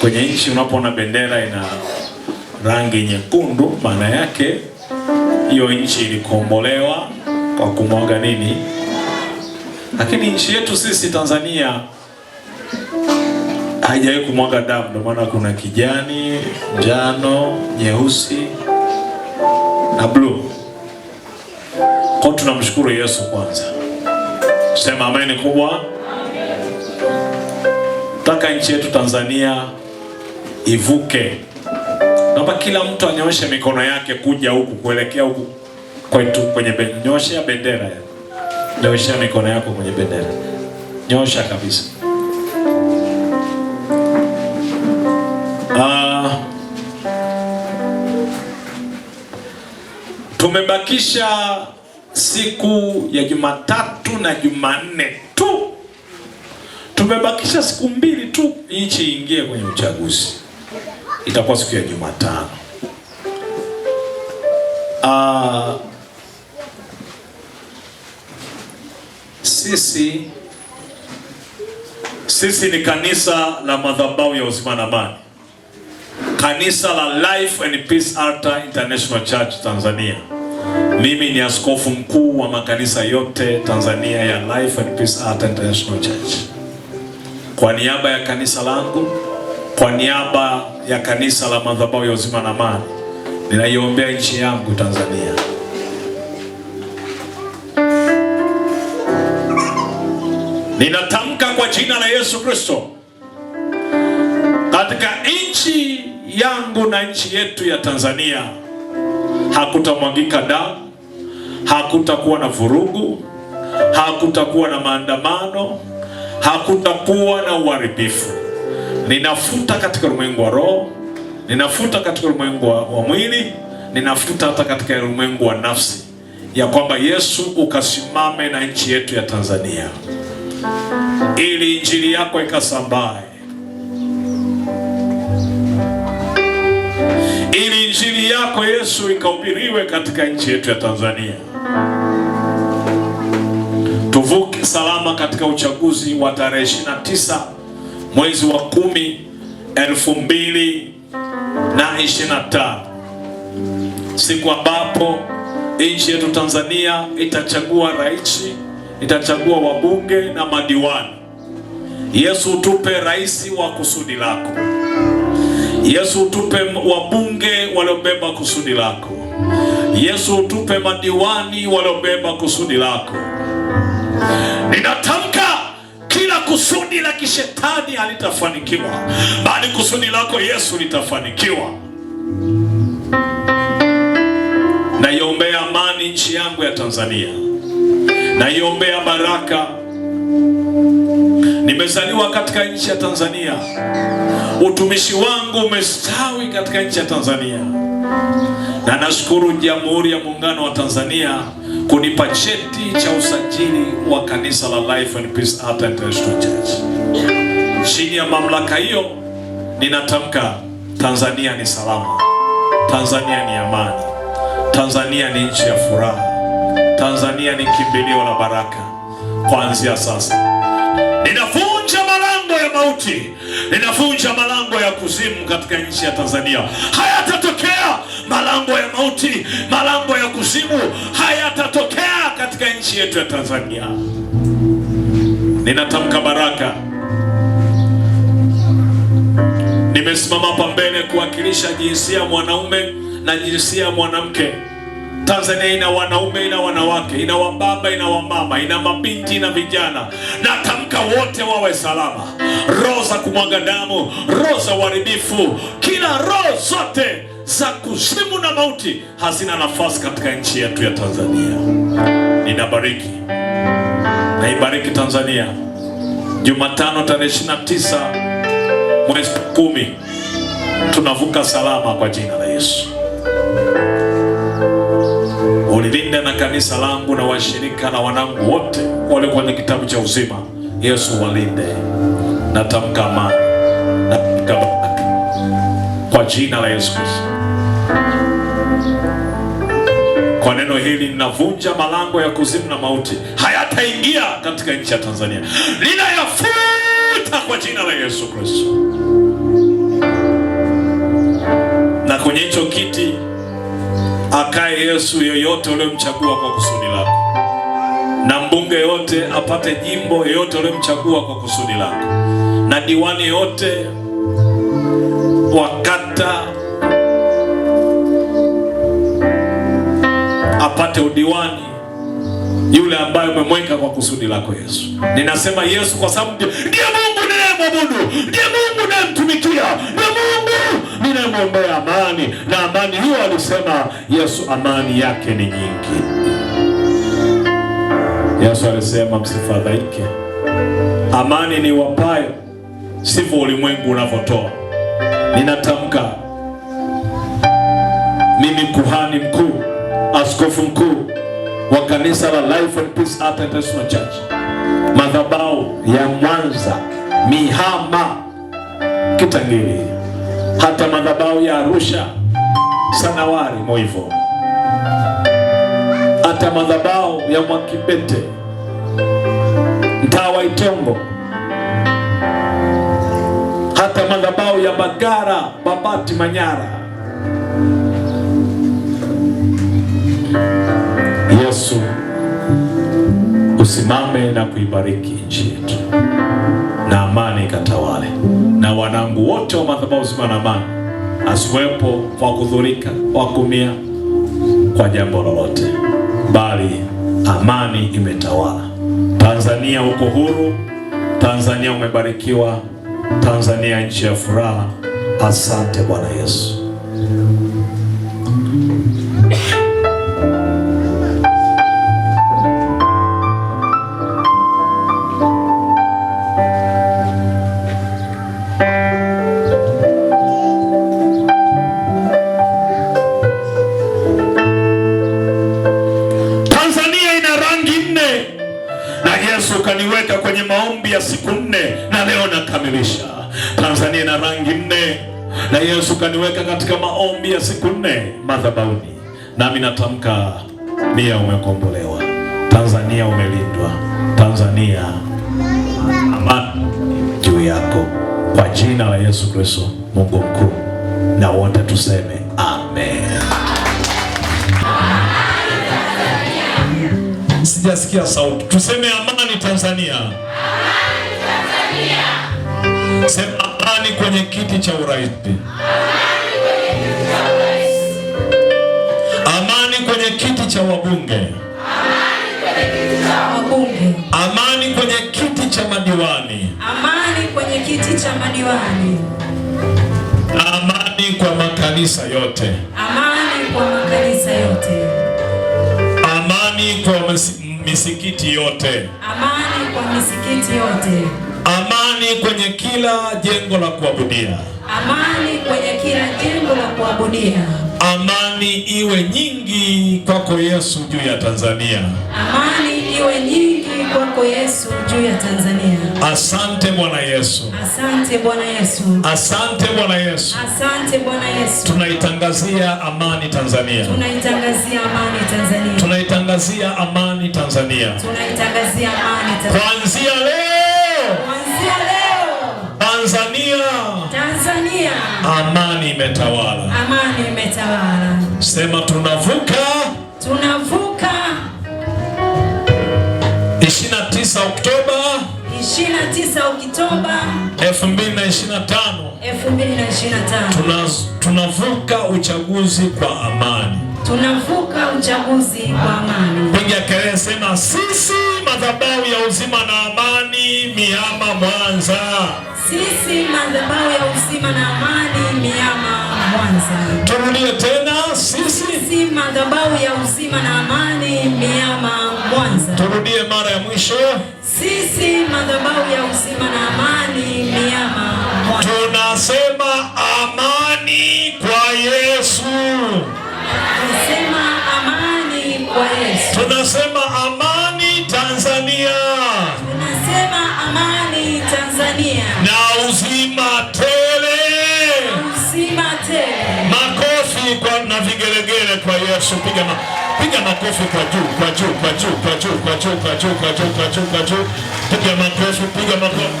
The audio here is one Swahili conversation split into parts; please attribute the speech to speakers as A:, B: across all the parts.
A: Kwenye nchi unapoona bendera ina rangi nyekundu, maana yake hiyo nchi ilikombolewa kwa kumwaga nini. Lakini nchi yetu sisi Tanzania haijawahi kumwaga damu, ndio maana kuna kijani, njano, nyeusi na bluu. Kwa tunamshukuru Yesu kwanza, sema ameni kubwa. Amen. Taka nchi yetu Tanzania ivuke. Naomba kila mtu anyoshe mikono yake kuja huku kuelekea huku kwetu kwenye bendera. Nyoshea bendera ya. Nyoshea mikono yako kwenye bendera. Nyosha kabisa. Ah, tumebakisha siku ya Jumatatu na Jumanne tu. Tumebakisha siku mbili tu nchi iingie kwenye uchaguzi itakuwa siku ya Jumatano. Ah, sisi sisi ni kanisa la madhabahu ya uzima na amani, kanisa la Life and Peace Altar International Church Tanzania. Mimi ni askofu mkuu wa makanisa yote Tanzania ya Life and Peace Altar International Church. Kwa niaba ya kanisa langu, kwa niaba ya kanisa la madhabahu ya uzima na amani, ninaiombea nchi yangu Tanzania. Ninatamka kwa jina la Yesu Kristo katika nchi yangu na nchi yetu ya Tanzania, hakutamwagika damu, hakutakuwa na vurugu, hakutakuwa na maandamano, hakutakuwa na uharibifu ninafuta katika ulimwengu wa roho, ninafuta katika ulimwengu wa, wa mwili, ninafuta hata katika ulimwengu wa nafsi, ya kwamba Yesu ukasimame na nchi yetu ya Tanzania, ili injili yako ikasambae, ili injili yako Yesu ikahubiriwe katika nchi yetu ya Tanzania. Tuvuke salama katika uchaguzi wa tarehe 29 mwezi wa kumi elfu mbili na ishirini na tano siku ambapo nchi yetu Tanzania itachagua rais, itachagua wabunge na madiwani. Yesu, utupe rais wa kusudi lako. Yesu, utupe wabunge waliobeba kusudi lako. Yesu, utupe madiwani waliobeba kusudi lako. Ninatam kusudi la kishetani halitafanikiwa, bali kusudi lako Yesu litafanikiwa. Naiombea amani nchi yangu ya Tanzania, naiombea baraka. Nimezaliwa katika nchi ya Tanzania, utumishi wangu umestawi katika nchi ya Tanzania, na nashukuru Jamhuri ya Muungano wa Tanzania kunipa cheti cha usajili wa kanisa la Life and Peace Adventist Church. Chini ya mamlaka hiyo ninatamka Tanzania ni salama, Tanzania ni amani, Tanzania ni nchi ya furaha, Tanzania ni kimbilio la baraka. Kuanzia sasa ninafu ninavunja malango ya mauti, inavunja malango ya kuzimu katika nchi ya Tanzania. Hayatatokea malango ya mauti, malango ya kuzimu hayatatokea katika nchi yetu ya Tanzania. Ninatamka baraka. Nimesimama hapa mbele kuwakilisha jinsia ya mwanaume na jinsia ya mwanamke. Tanzania ina wanaume, ina wanawake, ina wababa, ina wamama, ina mabinti, ina vijana. Natamka wote wawe salama. Roho za kumwaga damu, roho za uharibifu, kila roho zote za kuzimu na mauti hazina nafasi katika nchi yetu ya Tanzania. Ninabariki, naibariki Tanzania. Jumatano tarehe 29 mwezi wa 10 tunavuka salama kwa jina la Yesu ulilinda na kanisa langu na washirika na wanangu wote walio kwenye kitabu cha uzima. Yesu walinde. Natamka amani, natamka baraka kwa jina la Yesu Kristo. Kwa neno hili ninavunja malango ya kuzimu na mauti, hayataingia katika nchi ya Tanzania, ninayafuta kwa jina la Yesu Kristo. Na kwenye hicho kiti akae Yesu yoyote uliyomchagua kwa kusudi lako, na mbunge yote apate jimbo yoyote uliyomchagua kwa kusudi lako, na diwani yote wa kata apate udiwani yule ambaye umemweka kwa kusudi lako Yesu. Ninasema Yesu kwa sababu ninayemwabudu, ndiye Mungu nayemtumikia ndiye Mungu ninayemwombea amani, na amani hiyo alisema Yesu, amani yake ni nyingi. Yesu alisema msifadhaike, amani ni wapayo, sivyo ulimwengu unavyotoa. Ninatamka mimi kuhani mkuu, askofu mkuu wa kanisa la Life and Peace Church, madhabahu ya Mwanza mihama kitangili hata madhabahu ya Arusha sanawari moivo hata madhabahu ya Mwakipete mtaa wa hata madhabahu ya Bagara Babati Manyara. Yesu, usimame na kuibariki nchi yetu na amani ikatawale, na wanangu wote wa madhabahu zima na amani, asiwepo kwa kudhurika kwa kumia kwa jambo lolote, bali amani imetawala Tanzania. Uko huru Tanzania, umebarikiwa Tanzania, nchi ya furaha. Asante Bwana Yesu. Yesu kaniweka kwenye maombi ya siku nne na leo nakamilisha. Tanzania na rangi nne na Yesu kaniweka katika maombi ya siku nne madhabahuni, nami natamka mia umekombolewa Tanzania, umelindwa Tanzania, amani juu yako, kwa jina la Yesu Kristo, Mungu mkuu, na wote tuseme amen. Sijasikia sauti, tuseme amen. Tanzania.
B: Amani
A: Tanzania. Sema amani kwenye kiti cha urais. Amani kwenye kiti cha wabunge. Amani kwenye kiti cha madiwani.
B: Amani kwenye kiti cha madiwani.
A: Amani kwa makanisa yote.
B: Amani kwa makanisa yote.
A: Amani kwa misikiti yote.
B: Amani kwa misikiti
A: yote. Amani kwenye kila jengo la kuabudia.
B: Amani kwenye kila jengo
A: la kuabudia. Amani iwe nyingi kwako Yesu juu ya Tanzania.
B: Amani iwe nyingi kwako Yesu
A: juu ya Tanzania. Asante Bwana Yesu. Asante Bwana Yesu. Asante Bwana Yesu. Asante Bwana Yesu. Tunaitangazia amani Tanzania. Tunaitangazia amani Tanzania. Tunaitangazia amani Tanzania. Tunaitangazia amani Tanzania. Kuanzia leo. Kuanzia leo. Tanzania.
B: Tanzania.
A: Amani imetawala. Amani imetawala. Sema tunavuka.
B: Tunavuka. 29 Oktoba
A: 2025 2025 tunavuka uchaguzi kwa amani,
B: tunavuka uchaguzi kwa amani.
A: Piga kelele, sema sisi madhabahu ya uzima na amani Miama Mwanza,
B: sisi madhabahu ya uzima na amani Miama Mwanza.
A: Turudie tena, sisi
B: sisi madhabahu ya uzima na amani Miama Mwanza.
A: Turudie mara ya mwisho.
B: Sisi madhabahu ya uzima na amani miama
A: tunasema amani kwa Yesu.
B: Tunasema
A: amani kwa Yesu. Tunasema amani Tanzania.
B: Tunasema amani Tanzania.
A: Na uzima tele.
B: Na uzima tele.
A: Makofi kwa na vigelegele kwa Yesu. Piga makofi. Piga makofi kwa juu, kwa juu, kwa juu, kwa juu, kwa juu, kwa juu, kwa juu, kwa juu, kwa juu. Piga makofi, piga makofi.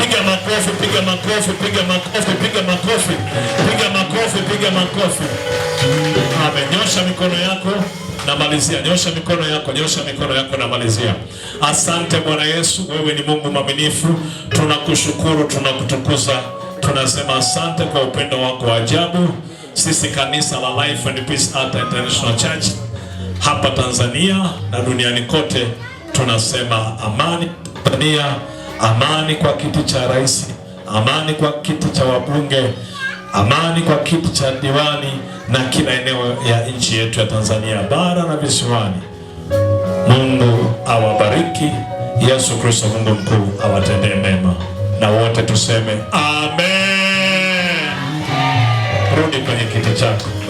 A: Piga makofi, piga makofi, piga makofi, piga makofi. Piga makofi, piga makofi. mikono yako namalizia. Nyosha mikono yako, nyosha mikono yako, namalizia. Asante Bwana Yesu, wewe ni Mungu mwaminifu, tunakushukuru, tunakutukuza, tunasema asante kwa upendo wako ajabu sisi kanisa la Life and Peace Altar International Church hapa Tanzania na duniani kote tunasema amani Tanzania, amani kwa kiti cha rais, amani kwa kiti cha wabunge, amani kwa kiti cha diwani na kila eneo ya nchi yetu ya Tanzania bara na visiwani. Mungu awabariki. Yesu Kristo Mungu mkuu awatendee mema, na wote tuseme amen rudi kwenye kiti chako.